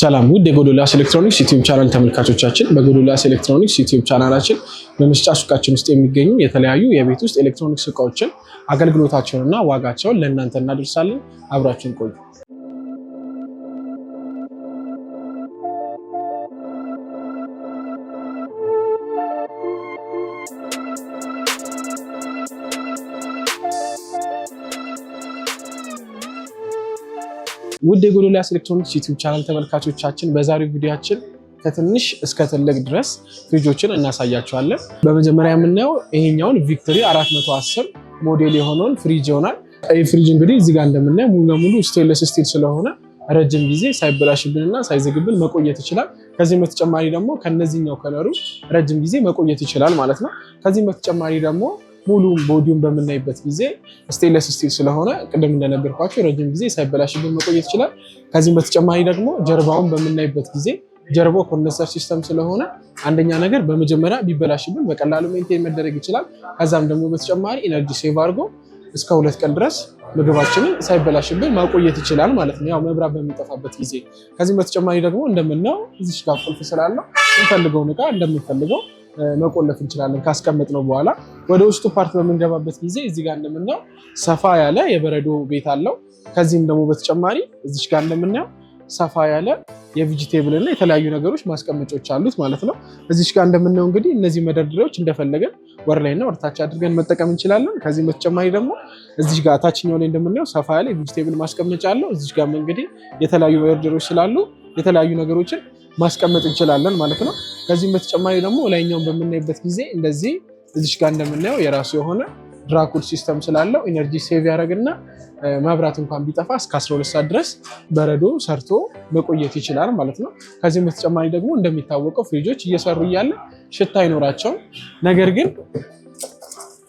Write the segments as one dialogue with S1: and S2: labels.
S1: ሰላም ውድ የጎዶልያስ ኤሌክትሮኒክስ ዩቲዩብ ቻናል ተመልካቾቻችን፣ በጎዶልያስ ኤሌክትሮኒክስ ዩቲዩብ ቻናላችን በመስጫ ሱቃችን ውስጥ የሚገኙ የተለያዩ የቤት ውስጥ ኤሌክትሮኒክስ እቃዎችን አገልግሎታቸውንና ዋጋቸውን ለእናንተ እናደርሳለን። አብራችን ቆዩ። ውድ የጎዶልያስ ኤሌክትሮኒክስ ዩቲዩብ ቻናል ተመልካቾቻችን በዛሬው ቪዲዮችን ከትንሽ እስከ ትልቅ ድረስ ፍሪጆችን እናሳያቸዋለን። በመጀመሪያ የምናየው ይሄኛውን ቪክቶሪ 410 ሞዴል የሆነውን ፍሪጅ ይሆናል። ይህ ፍሪጅ እንግዲህ እዚህ ጋር እንደምናየው ሙሉ ለሙሉ ስቴንለስ ስቲል ስለሆነ ረጅም ጊዜ ሳይበላሽብንና ሳይዘግብን መቆየት ይችላል። ከዚህም በተጨማሪ ደግሞ ከነዚህኛው ከለሩ ረጅም ጊዜ መቆየት ይችላል ማለት ነው። ከዚህም በተጨማሪ ደግሞ ሙሉ ቦዲውን በምናይበት ጊዜ ስቴንለስ ስቲል ስለሆነ ቅድም እንደነገርኳቸው ረጅም ጊዜ ሳይበላሽብን መቆየት ይችላል። ከዚህም በተጨማሪ ደግሞ ጀርባውን በምናይበት ጊዜ ጀርባው ኮንደንሰር ሲስተም ስለሆነ አንደኛ ነገር በመጀመሪያ ቢበላሽብን በቀላሉ ሜንቴን መደረግ ይችላል። ከዛም ደግሞ በተጨማሪ ኢነርጂ ሴቭ አድርጎ እስከ ሁለት ቀን ድረስ ምግባችንን ሳይበላሽብን ማቆየት ይችላል ማለት ነው፣ ያው መብራት በሚጠፋበት ጊዜ። ከዚህም በተጨማሪ ደግሞ እንደምናየው እዚሽ ጋር ቁልፍ ስላለው የምንፈልገውን እቃ እንደምንፈልገው መቆለፍ እንችላለን ነው በኋላ። ወደ ውስጡ ፓርት በምንገባበት ጊዜ እዚህ ጋር እንደምናየው ሰፋ ያለ የበረዶ ቤት አለው። ከዚህም ደግሞ በተጨማሪ እዚች ጋር እንደምናየው ሰፋ ያለ የቪጂቴብል እና የተለያዩ ነገሮች ማስቀመጫዎች አሉት ማለት ነው። እዚች ጋር እንደምናየው እንግዲህ እነዚህ መደርደሪያዎች እንደፈለገን ወር ላይና ወርታች አድርገን መጠቀም እንችላለን። ከዚህም በተጨማሪ ደግሞ እዚች ጋር ታችኛው ላይ እንደምናየው ሰፋ ያለ የቪጂቴብል ማስቀመጫ አለው። እዚች ጋር እንግዲህ የተለያዩ መደርደሪያዎች ስላሉ የተለያዩ ነገሮችን ማስቀመጥ እንችላለን ማለት ነው። ከዚህም በተጨማሪ ደግሞ ላይኛውን በምናይበት ጊዜ እንደዚህ እዚሽ ጋር እንደምናየው የራሱ የሆነ ድራኩል ሲስተም ስላለው ኢነርጂ ሴቭ ያደረግና መብራት እንኳን ቢጠፋ እስከ 12 ሰዓት ድረስ በረዶ ሰርቶ መቆየት ይችላል ማለት ነው። ከዚህም በተጨማሪ ደግሞ እንደሚታወቀው ፍሪጆች እየሰሩ እያለ ሽታ አይኖራቸውም። ነገር ግን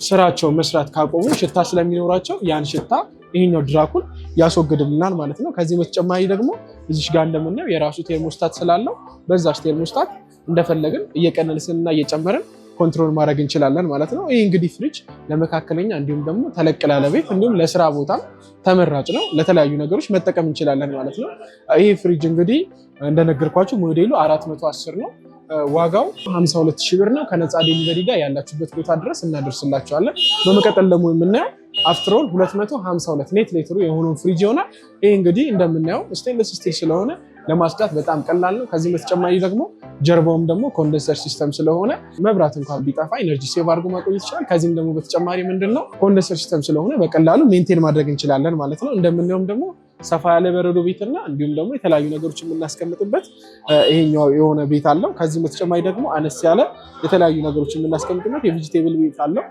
S1: ስራቸው መስራት ካቆሙ ሽታ ስለሚኖራቸው ያን ሽታ ይህኛው ድራኩል ያስወግድልናል ማለት ነው። ከዚህም በተጨማሪ ደግሞ እዚች ጋር እንደምናየው የራሱ ቴርሞስታት ስላለው በዛች ቴርሞስታት እንደፈለግን እየቀነልስንና እየጨመርን ኮንትሮል ማድረግ እንችላለን ማለት ነው። ይህ እንግዲህ ፍሪጅ ለመካከለኛ እንዲሁም ደግሞ ተለቅ ላለ ቤት እንዲሁም ለስራ ቦታ ተመራጭ ነው። ለተለያዩ ነገሮች መጠቀም እንችላለን ማለት ነው። ይህ ፍሪጅ እንግዲህ እንደነገርኳችሁ ሞዴሉ 410 ነው። ዋጋው 52000 ብር ነው። ከነፃ ዴሊቨሪ ጋር ያላችሁበት ቦታ ድረስ እናደርስላችኋለን። በመቀጠል ደግሞ የምናየው አፍትሮል 252 ሌት ሌትሩ የሆነውን ፍሪጅ ይሆናል። ይህ እንግዲህ እንደምናየው ስቴንለስ ስቴል ስለሆነ ለማጽዳት በጣም ቀላል ነው። ከዚህም በተጨማሪ ደግሞ ጀርባውም ደግሞ ኮንደንሰር ሲስተም ስለሆነ መብራት እንኳን ቢጠፋ ኤነርጂ ሴቭ አድርጎ ማቆየት ይችላል። ከዚህም ደግሞ በተጨማሪ ምንድን ነው ኮንደንሰር ሲስተም ስለሆነ በቀላሉ ሜንቴን ማድረግ እንችላለን ማለት ነው። እንደምናየውም ደግሞ ሰፋ ያለ በረዶ ቤትና እንዲሁም ደግሞ የተለያዩ ነገሮች የምናስቀምጥበት ይሄኛው የሆነ ቤት አለው። ከዚህም በተጨማሪ ደግሞ አነስ ያለ የተለያዩ ነገሮች የምናስቀምጥበት የቪጂቴብል ቤት አለው።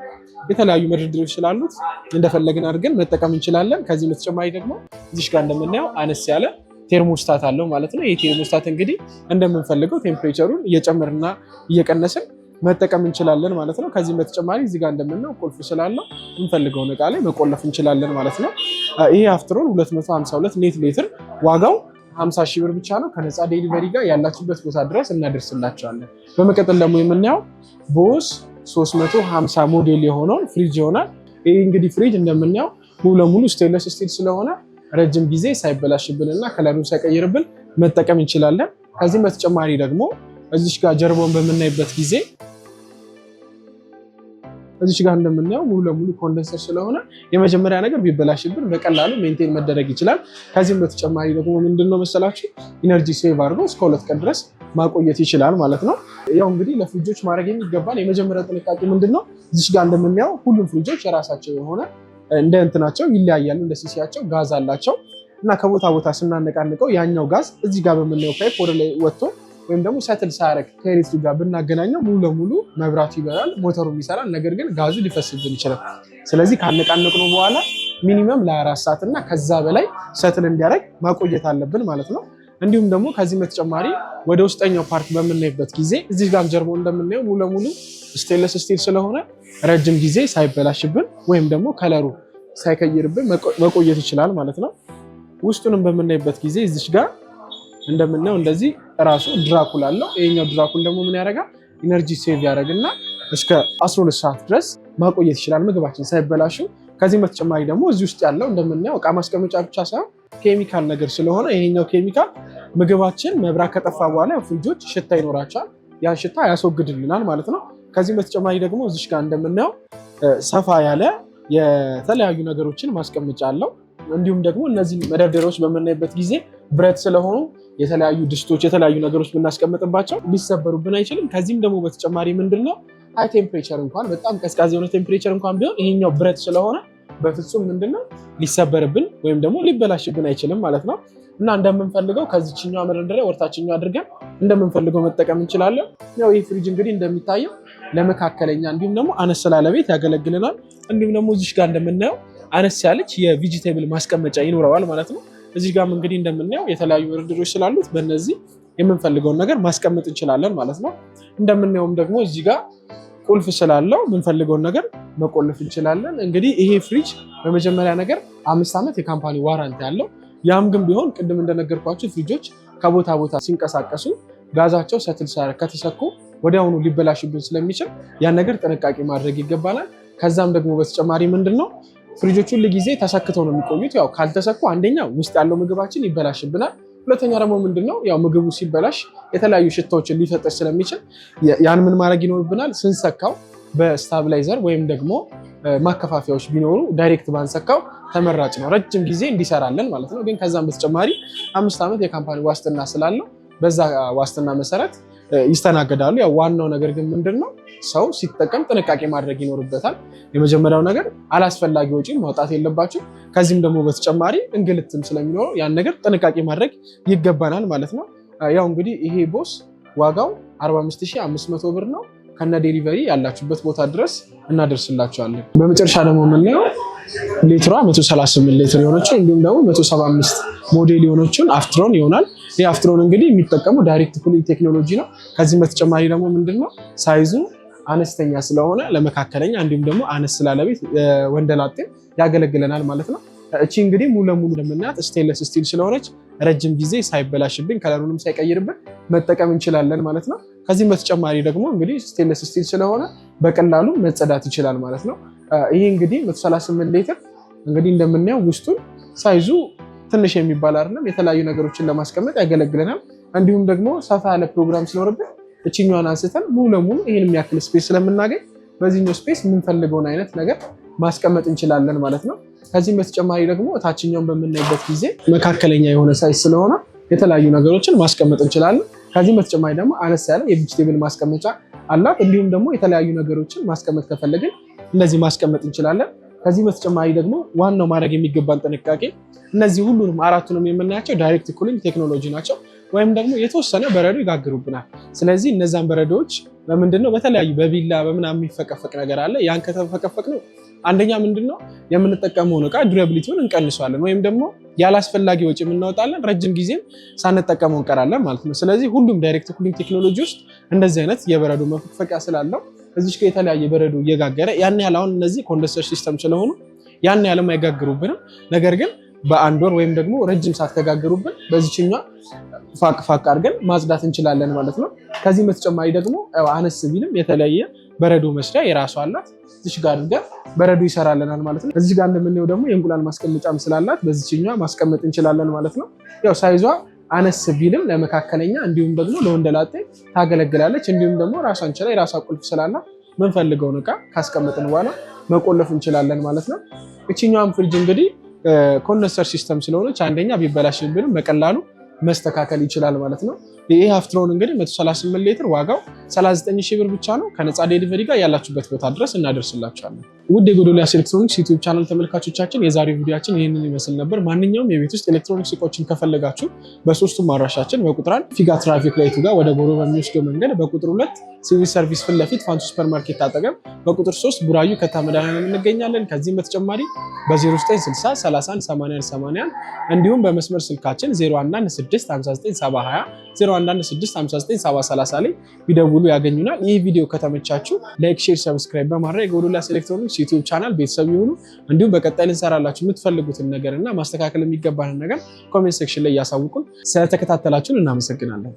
S1: የተለያዩ መደርደሪያዎች ስላሉት እንደፈለግን አድርገን መጠቀም እንችላለን። ከዚህም በተጨማሪ ደግሞ እዚሽ ጋር እንደምናየው አነስ ያለ ቴርሞስታት አለው ማለት ነው። ይህ ቴርሞስታት እንግዲህ እንደምንፈልገው ቴምፕሬቸሩን እየጨመርና እየቀነስን መጠቀም እንችላለን ማለት ነው። ከዚህም በተጨማሪ እዚህ ጋር እንደምናየው ቁልፍ ስላለው የምንፈልገውን እቃ ላይ መቆለፍ እንችላለን ማለት ነው። Uh, ይሄ አፍትሮን 252 ኔት ሌትር ዋጋው 50 ሺህ ብር ብቻ ነው። ከነፃ ዴሊቨሪ ጋር ያላችሁበት ቦታ ድረስ እናደርስላቸዋለን። በመቀጠል ደግሞ የምናየው ቦስ 350 ሞዴል የሆነውን ፍሪጅ ይሆናል። ይህ እንግዲህ ፍሪጅ እንደምናየው ሙሉ ለሙሉ ስቴንለስ ስቲል ስለሆነ ረጅም ጊዜ ሳይበላሽብን እና ከለሩን ሳይቀይርብን መጠቀም እንችላለን። ከዚህም በተጨማሪ ደግሞ እዚሽ ጋር ጀርባውን በምናይበት ጊዜ እዚች ጋር እንደምናየው ሙሉ ለሙሉ ኮንደንሰር ስለሆነ የመጀመሪያ ነገር ቢበላሽብን በቀላሉ ሜንቴን መደረግ ይችላል። ከዚህም በተጨማሪ ደግሞ ምንድን ነው መሰላችሁ ኢነርጂ ሴቭ አድርገው እስከ ሁለት ቀን ድረስ ማቆየት ይችላል ማለት ነው። ያው እንግዲህ ለፍሪጆች ማድረግ የሚገባን የመጀመሪያ ጥንቃቄ ምንድን ነው? እዚች ጋር እንደምናየው ሁሉም ፍሪጆች የራሳቸው የሆነ እንደ እንትናቸው ይለያያሉ። እንደ ሲሲያቸው ጋዝ አላቸው እና ከቦታ ቦታ ስናነቃንቀው ያኛው ጋዝ እዚህ ጋር በምናየው ፓይፕ ወደ ላይ ወጥቶ ወይም ደግሞ ሰትል ሳያደርግ ከኤሌክትሪክ ጋር ብናገናኘው ሙሉ ለሙሉ መብራቱ ይበራል፣ ሞተሩ ይሰራል። ነገር ግን ጋዙ ሊፈስብን ይችላል። ስለዚህ ካነቃነቅ ነው በኋላ ሚኒመም ለአራት ሰዓት እና ከዛ በላይ ሰትል እንዲያደርግ ማቆየት አለብን ማለት ነው። እንዲሁም ደግሞ ከዚህ በተጨማሪ ወደ ውስጠኛው ፓርክ በምናይበት ጊዜ እዚህ ጋር ጀርባው እንደምናየው ሙሉ ለሙሉ ስቴንለስ ስቲል ስለሆነ ረጅም ጊዜ ሳይበላሽብን ወይም ደግሞ ከለሩ ሳይከይርብን መቆየት ይችላል ማለት ነው። ውስጡንም በምናይበት ጊዜ እዚች ጋር እንደምናየው እንደዚህ ራሱ ድራኩል አለው። ይሄኛው ድራኩል ደግሞ ምን ያደርጋል? ኢነርጂ ሴቭ ያደርግና እስከ 12 ሰዓት ድረስ ማቆየት ይችላል ምግባችን ሳይበላሹ። ከዚህም በተጨማሪ ደግሞ እዚህ ውስጥ ያለው እንደምናየው እቃ ማስቀመጫ ብቻ ሳይሆን ኬሚካል ነገር ስለሆነ ይሄኛው ኬሚካል ምግባችን መብራት ከጠፋ በኋላ ፍሪጆች ሽታ ይኖራቸዋል። ያ ሽታ ያስወግድልናል ማለት ነው። ከዚህም በተጨማሪ ደግሞ እዚሽ ጋር እንደምናየው ሰፋ ያለ የተለያዩ ነገሮችን ማስቀመጫ አለው። እንዲሁም ደግሞ እነዚህ መደርደሪያዎች በምናይበት ጊዜ ብረት ስለሆኑ የተለያዩ ድስቶች፣ የተለያዩ ነገሮች ብናስቀምጥባቸው ሊሰበሩብን አይችልም። ከዚህም ደግሞ በተጨማሪ ምንድን ነው ሀይ ቴምፕሬቸር እንኳን በጣም ቀዝቃዜ የሆነ ቴምፕሬቸር እንኳን ቢሆን ይሄኛው ብረት ስለሆነ በፍጹም ምንድነው ሊሰበርብን ወይም ደግሞ ሊበላሽብን አይችልም ማለት ነው። እና እንደምንፈልገው ከዚችኛው መደርደሪያ ወርታችኛው አድርገን እንደምንፈልገው መጠቀም እንችላለን። ያው ይህ ፍሪጅ እንግዲህ እንደሚታየው ለመካከለኛ እንዲሁም ደግሞ አነስ ላለ ቤት ያገለግልናል። እንዲሁም ደግሞ እዚሽ ጋር እንደምናየው አነስ ያለች የቪጂቴብል ማስቀመጫ ይኖረዋል ማለት ነው። እዚህ ጋም እንግዲህ እንደምናየው የተለያዩ ውድድሮች ስላሉት በነዚህ የምንፈልገውን ነገር ማስቀመጥ እንችላለን ማለት ነው። እንደምናየውም ደግሞ እዚህ ጋር ቁልፍ ስላለው የምንፈልገውን ነገር መቆልፍ እንችላለን። እንግዲህ ይሄ ፍሪጅ በመጀመሪያ ነገር አምስት ዓመት የካምፓኒ ዋራንት ያለው ያም ግን ቢሆን ቅድም እንደነገርኳቸው ፍሪጆች ከቦታ ቦታ ሲንቀሳቀሱ ጋዛቸው ሰትል ከተሰኩ ወዲያውኑ ሊበላሽብን ስለሚችል ያን ነገር ጥንቃቄ ማድረግ ይገባናል። ከዛም ደግሞ በተጨማሪ ምንድን ነው ፍሪጆች ሁል ጊዜ ተሰክተው ነው የሚቆዩት። ያው ካልተሰኩ አንደኛ ውስጥ ያለው ምግባችን ይበላሽብናል። ሁለተኛ ደግሞ ምንድን ነው ያው ምግቡ ሲበላሽ የተለያዩ ሽታዎችን ሊፈጥር ስለሚችል ያን ምን ማድረግ ይኖርብናል? ስንሰካው በስታብላይዘር ወይም ደግሞ ማከፋፊያዎች ቢኖሩ ዳይሬክት ባንሰካው ተመራጭ ነው። ረጅም ጊዜ እንዲሰራለን ማለት ነው። ግን ከዛም በተጨማሪ አምስት ዓመት የካምፓኒ ዋስትና ስላለው በዛ ዋስትና መሰረት ይስተናገዳሉ። ያው ዋናው ነገር ግን ምንድን ነው ሰው ሲጠቀም ጥንቃቄ ማድረግ ይኖርበታል። የመጀመሪያው ነገር አላስፈላጊ ወጪ ማውጣት የለባቸው። ከዚህም ደግሞ በተጨማሪ እንግልትም ስለሚኖረው ያን ነገር ጥንቃቄ ማድረግ ይገባናል ማለት ነው። ያው እንግዲህ ይሄ ቦስ ዋጋው 45500 ብር ነው። ከነ ዴሊቨሪ ያላችሁበት ቦታ ድረስ እናደርስላቸዋለን። በመጨረሻ ደግሞ የምናየው ሌትሯ 138 ሌትር የሆነችን እንዲሁም ደግሞ 175 ሞዴል የሆነችን አፍትሮን ይሆናል። ይህ አፍትሮን እንግዲህ የሚጠቀሙ ዳይሬክት ኩሊንግ ቴክኖሎጂ ነው። ከዚህም በተጨማሪ ደግሞ ምንድነው ሳይዙ አነስተኛ ስለሆነ ለመካከለኛ እንዲሁም ደግሞ አነስ ስላለቤት ወንደላጤ ያገለግለናል ማለት ነው። እቺ እንግዲህ ሙሉ ለሙሉ ለምናት ስቴንለስ ስቲል ስለሆነች ረጅም ጊዜ ሳይበላሽብን ከለሩንም ሳይቀይርብን መጠቀም እንችላለን ማለት ነው። ከዚህም በተጨማሪ ደግሞ እንግዲህ ስቴንለስ ስቲል ስለሆነ በቀላሉ መጸዳት ይችላል ማለት ነው። ይህ እንግዲህ 138 ሊትር እንግዲህ እንደምናየው ውስጡን ሳይዙ ትንሽ የሚባል አይደለም። የተለያዩ ነገሮችን ለማስቀመጥ ያገለግለናል። እንዲሁም ደግሞ ሰፋ ያለ ፕሮግራም ሲኖርብን እችኛዋን አንስተን ሙሉ ለሙሉ ይህን የሚያክል ስፔስ ስለምናገኝ በዚህኛው ስፔስ የምንፈልገውን አይነት ነገር ማስቀመጥ እንችላለን ማለት ነው። ከዚህም በተጨማሪ ደግሞ ታችኛውን በምናይበት ጊዜ መካከለኛ የሆነ ሳይዝ ስለሆነ የተለያዩ ነገሮችን ማስቀመጥ እንችላለን። ከዚህም በተጨማሪ ደግሞ አነስ ያለ የቪጅቴብል ማስቀመጫ አላት። እንዲሁም ደግሞ የተለያዩ ነገሮችን ማስቀመጥ ከፈለግን እንደዚህ ማስቀመጥ እንችላለን። ከዚህ በተጨማሪ ደግሞ ዋናው ማድረግ የሚገባን ጥንቃቄ እነዚህ ሁሉንም አራቱንም የምናያቸው ዳይሬክት ኩሊንግ ቴክኖሎጂ ናቸው፣ ወይም ደግሞ የተወሰነ በረዶ ይጋግሩብናል። ስለዚህ እነዛን በረዶዎች በምንድነው በተለያዩ በቢላ በምናምን የሚፈቀፈቅ ነገር አለ። ያን ከተፈቀፈቅ ነው አንደኛ ምንድን ነው የምንጠቀመውን እቃ ዱራቢሊቲውን እንቀንሷለን ወይም ደግሞ ያላስፈላጊ ወጪ የምናወጣለን፣ ረጅም ጊዜም ሳንጠቀመው እንቀራለን ማለት ነው። ስለዚህ ሁሉም ዳይሬክት ኩሊንግ ቴክኖሎጂ ውስጥ እንደዚህ አይነት የበረዶ መፈቅፈቂያ ስላለው እዚች ጋር የተለያየ በረዶ እየጋገረ ያን ያህል አሁን እነዚህ ኮንደንሰር ሲስተም ስለሆኑ ያን ያህል አይጋግሩብንም። ነገር ግን በአንድ ወር ወይም ደግሞ ረጅም ሰዓት ከጋገሩብን በዚችኛ ፋቅ ፋቅ አድርገን ማጽዳት እንችላለን ማለት ነው። ከዚህም በተጨማሪ ደግሞ አነስ ቢልም የተለያየ በረዶ መስሪያ የራሷ አላት። እዚች ጋር አድርገን በረዶ ይሰራልናል ማለት ነው። እዚች ጋር እንደምናየው ደግሞ የእንቁላል ማስቀመጫም ስላላት በዚችኛ ማስቀመጥ እንችላለን ማለት ነው። ያው ሳይዟ አነስ ቢልም ለመካከለኛ እንዲሁም ደግሞ ለወንደላጤ ታገለግላለች። እንዲሁም ደግሞ ራሷን ችላ የራሷ ቁልፍ ስላላት ምንፈልገውን እቃ ካስቀመጥን በኋላ መቆለፍ እንችላለን ማለት ነው። እችኛዋም ፍሪጅ እንግዲህ ኮንደንሰር ሲስተም ስለሆነች አንደኛ ቢበላሽብንም በቀላሉ መስተካከል ይችላል ማለት ነው። ይህ ሀፍትሮን እንግዲህ 138 ሊትር ዋጋው 39 ሺህ ብር ብቻ ነው ከነፃ ዴሊቨሪ ጋር ያላችሁበት ቦታ ድረስ እናደርስላችኋለን። ውድ የጎዶልያስ ኤሌክትሮኒክስ ዩቲዩብ ቻናል ተመልካቾቻችን የዛሬ ቪዲዮችን ይህንን ይመስል ነበር። ማንኛውም የቤት ውስጥ ኤሌክትሮኒክስ እቃዎችን ከፈለጋችሁ በሶስቱም አድራሻችን በቁጥራን ፊጋ ትራፊክ ላይቱ ጋር ወደ ጎሮ በሚወስደው መንገድ፣ በቁጥር ሁለት ሲቪል ሰርቪስ ፊት ለፊት ፋንቱ ሱፐር ማርኬት አጠገብ፣ በቁጥር ሶስት ቡራዩ ከታመዳናን እንገኛለን። ከዚህም በተጨማሪ በ0960 እንዲሁም በመስመር ስልካችን 0116 59 ላይ ቢደውሉ ሙሉ ያገኙናል። ይህ ቪዲዮ ከተመቻችሁ ላይክ፣ ሼር፣ ሰብስክራይብ በማድረግ የጎዶልያስ ኤሌክትሮኒክስ ዩቲዩብ ቻናል ቤተሰብ ይሁኑ። እንዲሁም በቀጣይ ልንሰራላችሁ የምትፈልጉትን ነገር እና ማስተካከል የሚገባንን ነገር ኮሜንት ሴክሽን ላይ እያሳውቁን። ስለተከታተላችሁን እናመሰግናለን።